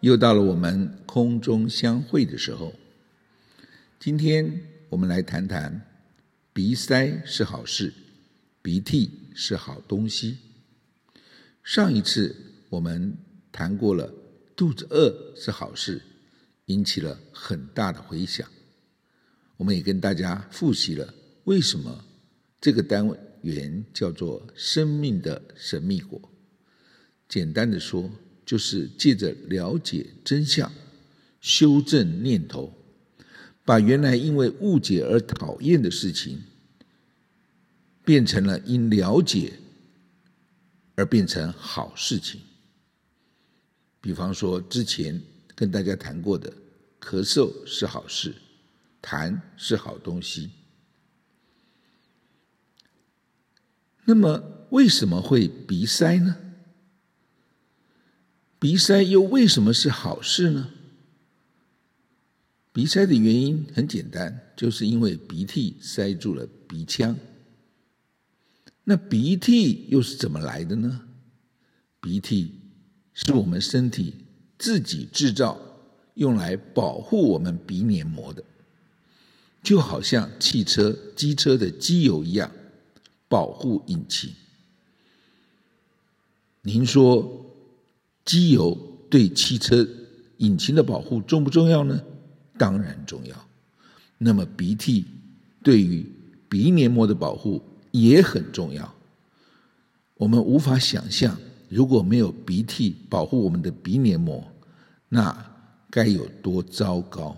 又到了我們空中相會的時候，今天我們來談談鼻塞是好事，鼻涕是好東西。上一次我們談過了，肚子餓是好事，引起了很大的迴響。我們也跟大家複習了為什麼這個單位元叫做“生命的神祕果”。簡單的說，就是借着了解真相，修正念頭，把原來因為誤解而討厭的事情，變成了因了解而變成好事情。比方說，之前跟大家談過的，咳嗽是好事，痰是好東西。那麼，為什麼會鼻塞呢？鼻塞又為什麼是好事呢？鼻塞的原因很簡單，就是因為鼻涕塞住了鼻腔。那鼻涕又是怎麼來的呢？鼻涕是我們身體自己製造，用來保護我們鼻黏膜的，就好像汽車、機車的機油一樣，保護引擎。您說，機油對汽車引擎的保護重不重要呢？當然重要。那麼鼻涕對於鼻黏膜的保護也很重要。我們無法想象，如果沒有鼻涕保護我們的鼻黏膜，那該有多糟糕。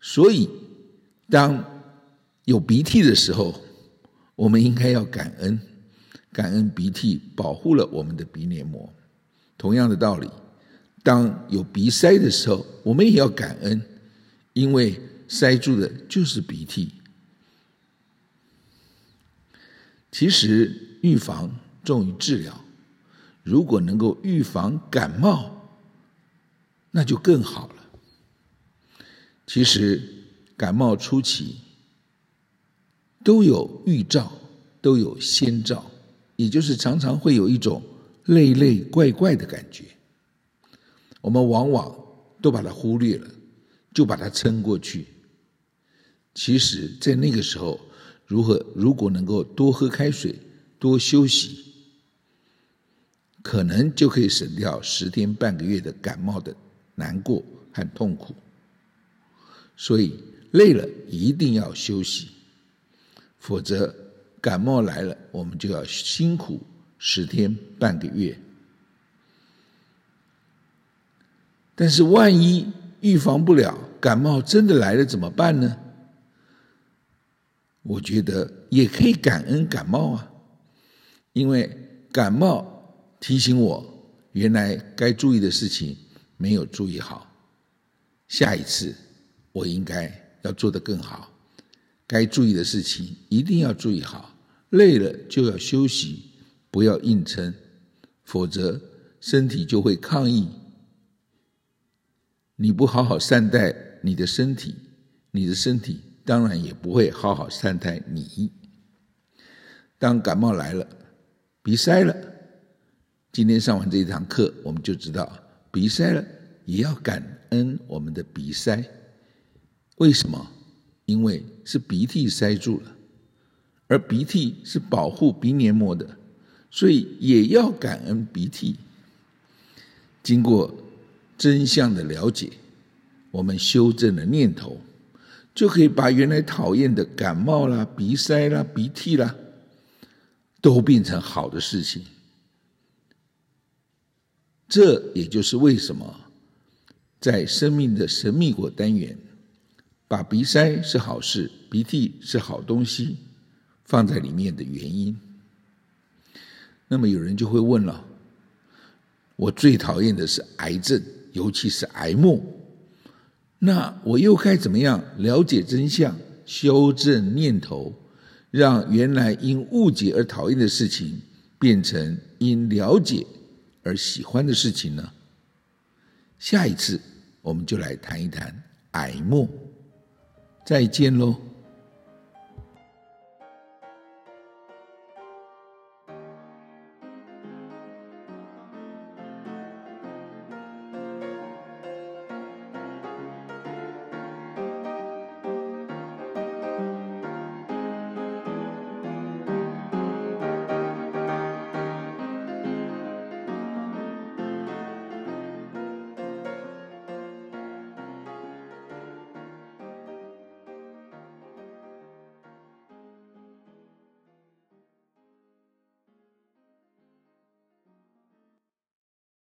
所以，當有鼻涕的時候，我們應該要感恩。感恩鼻涕保護了我們的鼻黏膜，同樣的道理，當有鼻塞的時候，我們也要感恩，因為塞住的就是鼻涕。其實預防重於治療，如果能夠預防感冒，那就更好了。其實感冒初期都有預兆，都有先兆。也就是常常會有一種累累怪怪的感覺，我們往往都把它忽略了，就把它撐過去。其實，在那個時候，如何如果能夠多喝開水、多休息，可能就可以省掉十天半個月的感冒的難過和痛苦。所以，累了一定要休息，否則。感冒來了，我們就要辛苦十天半個月。但是萬一預防不了，感冒真的來了怎麼辦呢？我覺得也可以感恩感冒啊，因為感冒提醒我，原來該注意的事情沒有注意好，下一次我應該要做得更好，該注意的事情一定要注意好。累了就要休息，不要硬撐，否則身體就會抗議。你不好好善待你的身體，你的身體當然也不會好好善待你。當感冒來了，鼻塞了，今天上完這一堂課，我們就知道，鼻塞了也要感恩我們的鼻塞。為什麼？因為是鼻涕塞住了。而鼻涕是保護鼻黏膜的，所以也要感恩鼻涕。經過真相的了解，我們修正了念頭，就可以把原來討厭的感冒啦、鼻塞啦、鼻涕啦，都變成好的事情。這也就是為什麼在生命的神祕果單元，把鼻塞是好事，鼻涕是好東西。放在裡面的原因。那麼有人就會問了：我最討厭的是癌症，尤其是癌末。那我又該怎麼樣了解真相、修正念頭，讓原來因誤解而討厭的事情變成因了解而喜歡的事情呢？下一次我們就來談一談癌末。再見嘍。